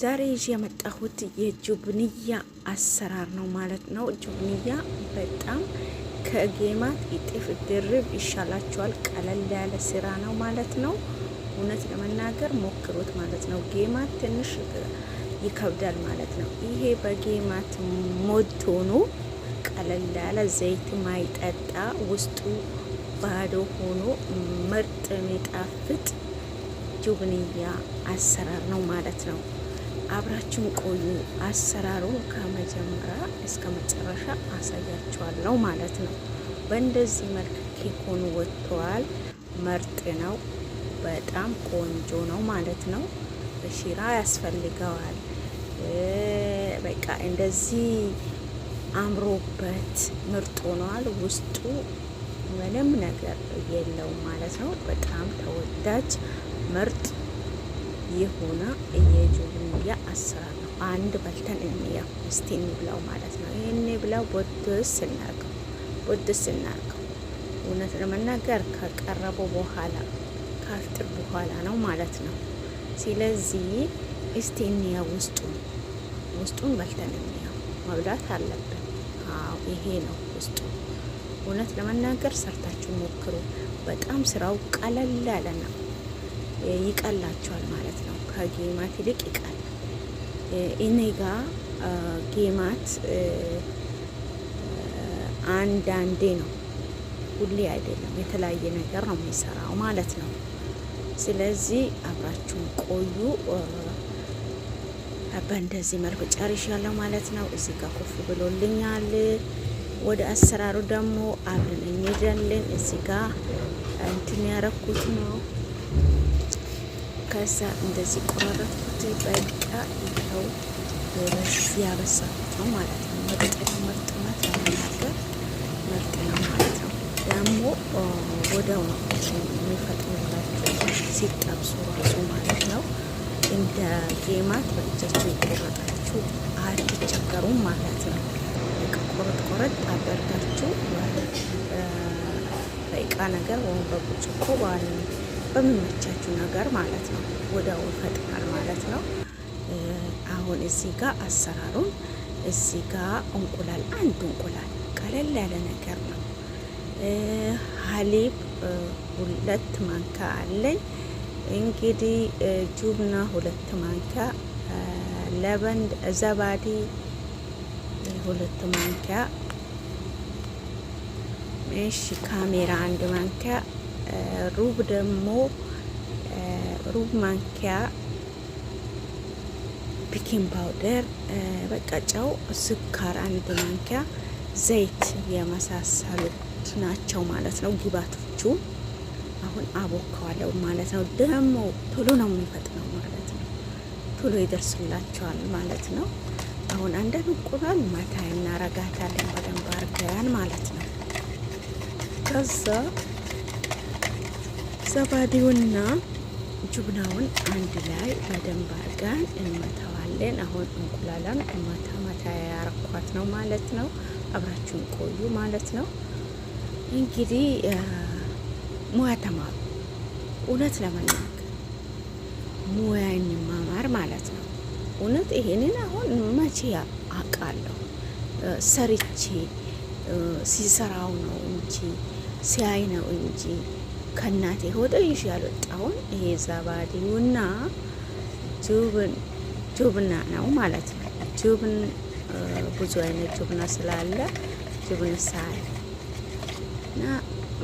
ዛሬ ይዤ የመጣሁት የጁብንያ አሰራር ነው ማለት ነው። ጁብንያ በጣም ከጌማት እጥፍ ድርብ ይሻላችኋል። ቀለል ያለ ስራ ነው ማለት ነው። እውነት ለመናገር ሞክሩት ማለት ነው። ጌማት ትንሽ ይከብዳል ማለት ነው። ይሄ በጌማት ሞድ ሆኖ ቀለል ያለ ዘይት ማይጠጣ ውስጡ ባዶ ሆኖ ምርጥ የሚጣፍጥ ጁብንያ አሰራር ነው ማለት ነው። አብራችሁን ቆዩ። አሰራሩን ከመጀመሪያ እስከ መጨረሻ አሳያችኋለሁ ማለት ነው። በእንደዚህ መልክ ኬኮን ወጥተዋል። መርጥ ነው፣ በጣም ቆንጆ ነው ማለት ነው። በሽራ ያስፈልገዋል። በቃ እንደዚህ አምሮበት ምርጥ ሆኗል። ውስጡ ምንም ነገር የለውም ማለት ነው። በጣም ተወዳጅ ምርጥ የሆነ የጆንያ አሰራር ነው። አንድ በልተን እንያ እስቲ እንብላው ማለት ነው። ይህን ብላው ቦድስ እናርገው፣ ቦድስ እናርገው። እውነት ለመናገር ከቀረበው በኋላ ካፍጥር በኋላ ነው ማለት ነው። ስለዚህ እስቲ እንያ ውስጡን ውስጡን በልተን እንያ መብላት አለብን። አዎ ይሄ ነው ውስጡ። እውነት ለመናገር ሰርታችሁ ሞክሩ። በጣም ስራው ቀለል ያለ ነው። ይቀላቸዋል ማለት ነው። ከጌማት ይልቅ ይቀላል። እኔ ጋ ጌማት አንዳንዴ ነው፣ ሁሌ አይደለም። የተለያየ ነገር ነው የሚሰራው ማለት ነው። ስለዚህ አብራችሁን ቆዩ። በእንደዚህ መልኩ ጨርሽ ያለው ማለት ነው። እዚህ ጋር ኩፍ ብሎልኛል። ወደ አሰራሩ ደግሞ አብረን እንሄዳለን። እዚህ ጋር እንትን ያረኩት ነው ከዛ እንደዚህ ቆራረጥኩት። በቃ ይኸው ያበሰልኩት ነው ማለት ነው። መቅጠል ምርጥ ነው ለመናገር ምርጥ ነው ማለት ነው። ደግሞ ወዲያው ነው የሚፈጥኑላቸው ሲጠብሱ ራሱ ማለት ነው። እንደ ጌማት በእጃቸው የቆረጣችሁ አትቸገሩም ማለት ነው። ቆረጥ ቆረጥ አደርጋችሁ በእቃ ነገር ወይም በብርጭቆ በሚመቻችሁ ነገር ማለት ነው። ወዲያው ፈጥናል ማለት ነው። አሁን እዚህ ጋር አሰራሩን እዚህ ጋር እንቁላል አንድ እንቁላል ቀለል ያለ ነገር ነው። ሀሊብ ሁለት ማንካ አለኝ እንግዲህ ጁብና ሁለት ማንካ ለበን ዘባዲ ሁለት ማንኪያ እሺ፣ ካሜራ አንድ ማንኪያ ሩብ ደግሞ ሩብ ማንኪያ ቤኪንግ ፓውደር፣ በቃ ጨው፣ ስኳር አንድ ማንኪያ፣ ዘይት የመሳሰሉት ናቸው ማለት ነው ግባቶቹ። አሁን አቦካዋለው ማለት ነው። ደግሞ ቶሎ ነው የሚፈጥነው ማለት ነው። ቶሎ ይደርስላቸዋል ማለት ነው። አሁን አንደን እንቁላል መታ እናረጋታለን በደንብ አርገን ማለት ነው ከዛ ዘባዴውና ጁብናውን አንድ ላይ በደንብ አድርገን እንመታዋለን። አሁን እንቁላላን መታ መታ ያረኳት ነው ማለት ነው። አብራችሁን ቆዩ ማለት ነው። እንግዲህ ሙያ ተማሩ። እውነት ለመናገር ሙያን ማማር ማለት ነው። እውነት ይሄንን አሁን መቼ አውቃለሁ ሰርቼ ሲሰራው ነው እንጂ ሲያይ ነው እንጂ ከእናቴ ሆድ ይዤ ያልወጣውን ይሄ ዘባዴውና ጁብና ነው ማለት ነው። ጁብን ብዙ አይነት ጁብና ስላለ ጁብን ሳይ እና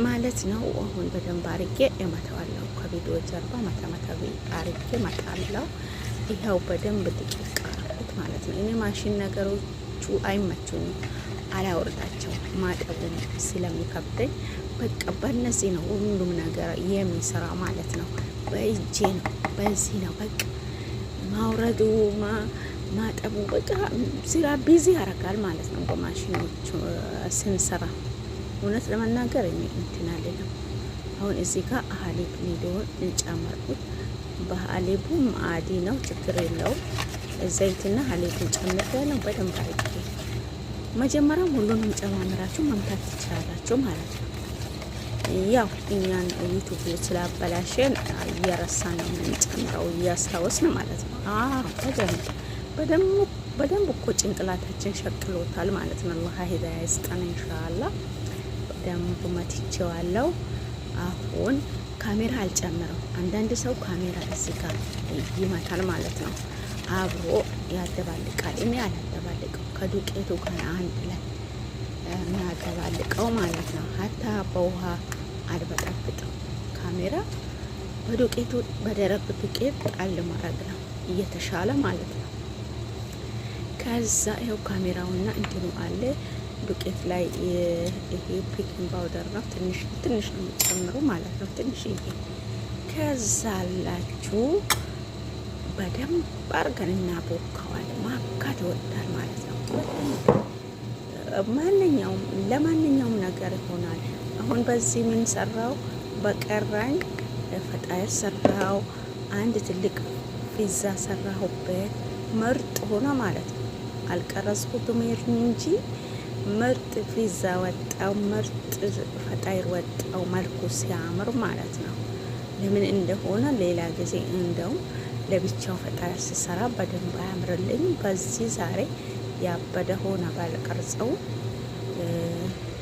ማለት ነው። አሁን በደንብ አርጌ እመታዋለሁ። ከቪዲዮ ጀርባ መታ መታ አርጌ እመታለሁ። ይኸው በደንብ ድቅቅ አርኩት ማለት ነው። እኔ ማሽን ነገሮቹ አይመቹኝም፣ አላወርዳቸውም ማጠቡን ስለሚከብደኝ በቃ በነዚህ ነው ሁሉም ነገር የሚሰራ ማለት ነው። በእጄ ነው፣ በዚህ ነው በቃ ማውረዱ ማጠቡ በቃ ስራ ቢዚ ያደርጋል ማለት ነው። በማሽኖች ስንሰራ እውነት ለመናገር እኔ እንትን አልልም። አሁን እዚህ ጋር ሀሊብ ሚሊዮን እንጨመርኩት። በሀሊቡ ማዕዲ ነው ችግር የለውም። ዘይትና ሀሊብን ጨምር ያለው በደንብ አድርጌ መጀመሪያም ሁሉንም ጨማምራችሁ መምታት ትችላላችሁ ማለት ነው። ያው እኛን ዩቱብ ስላበላሸን እየረሳን ነው የምንጨምረው፣ እያስታወስን ማለት ነው። በደንብ በደንብ እኮ ጭንቅላታችን ሸቅሎታል ማለት ነው። አላህ ሂዳያ ይስጠን ኢንሻአላ። በደንብ መትቼዋለሁ። አሁን ካሜራ አልጨምረው። አንዳንድ ሰው ካሜራ እዚህ ጋር ይመታል ማለት ነው። አብሮ ያደባልቃል። እኔ አላደባልቀው ከዱቄቱ ጋር አንድ ላይ የሚያደባልቀው ማለት ነው። ሀታ በውሃ አልበጠብጥም። ካሜራ በዱቄቱ በደረቅ ዱቄት ጣል ማድረግ ነው እየተሻለ ማለት ነው። ከዛ ይኸው ካሜራውና እንትኑ አለ ዱቄት ላይ ይሄ ቤኪንግ ፓውደር ነው። ትንሽ ትንሽ ነው የምትጨምሩ ማለት ነው። ትንሽ ይሄ ከዛ አላችሁ በደንብ አርገን እናቦካዋል። ማካት ይወዳል ማለት ነው። ማንኛውም ለማንኛውም ነገር ይሆናል። አሁን በዚህ ምን ሰራው በቀራኝ ፈጣይር ሰራው። አንድ ትልቅ ፒዛ ሰራሁበት ምርጥ ሆኖ ማለት ነው። አልቀረጽኩትም እንጂ ምርጥ ፒዛ ወጣው፣ ምርጥ ፈጣይር ወጣው። መልኩ ሲያምር ማለት ነው። ለምን እንደሆነ ሌላ ጊዜ እንደው ለብቻው ፈጣይር ስሰራ በደንብ አያምርልኝ። በዚህ ዛሬ ያበደ ሆነ ባልቀርጸው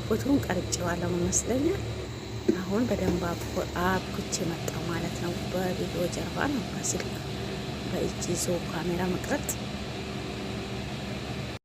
ወትሩን ቀርጬዋለሁ ይመስለኛል። አሁን በደንብ አብኮ አብኩቼ መጣው ማለት ነው። በቪዲዮ ጀርባ ነው በስልክ በእጅ ይዞ ካሜራ መቅረጥ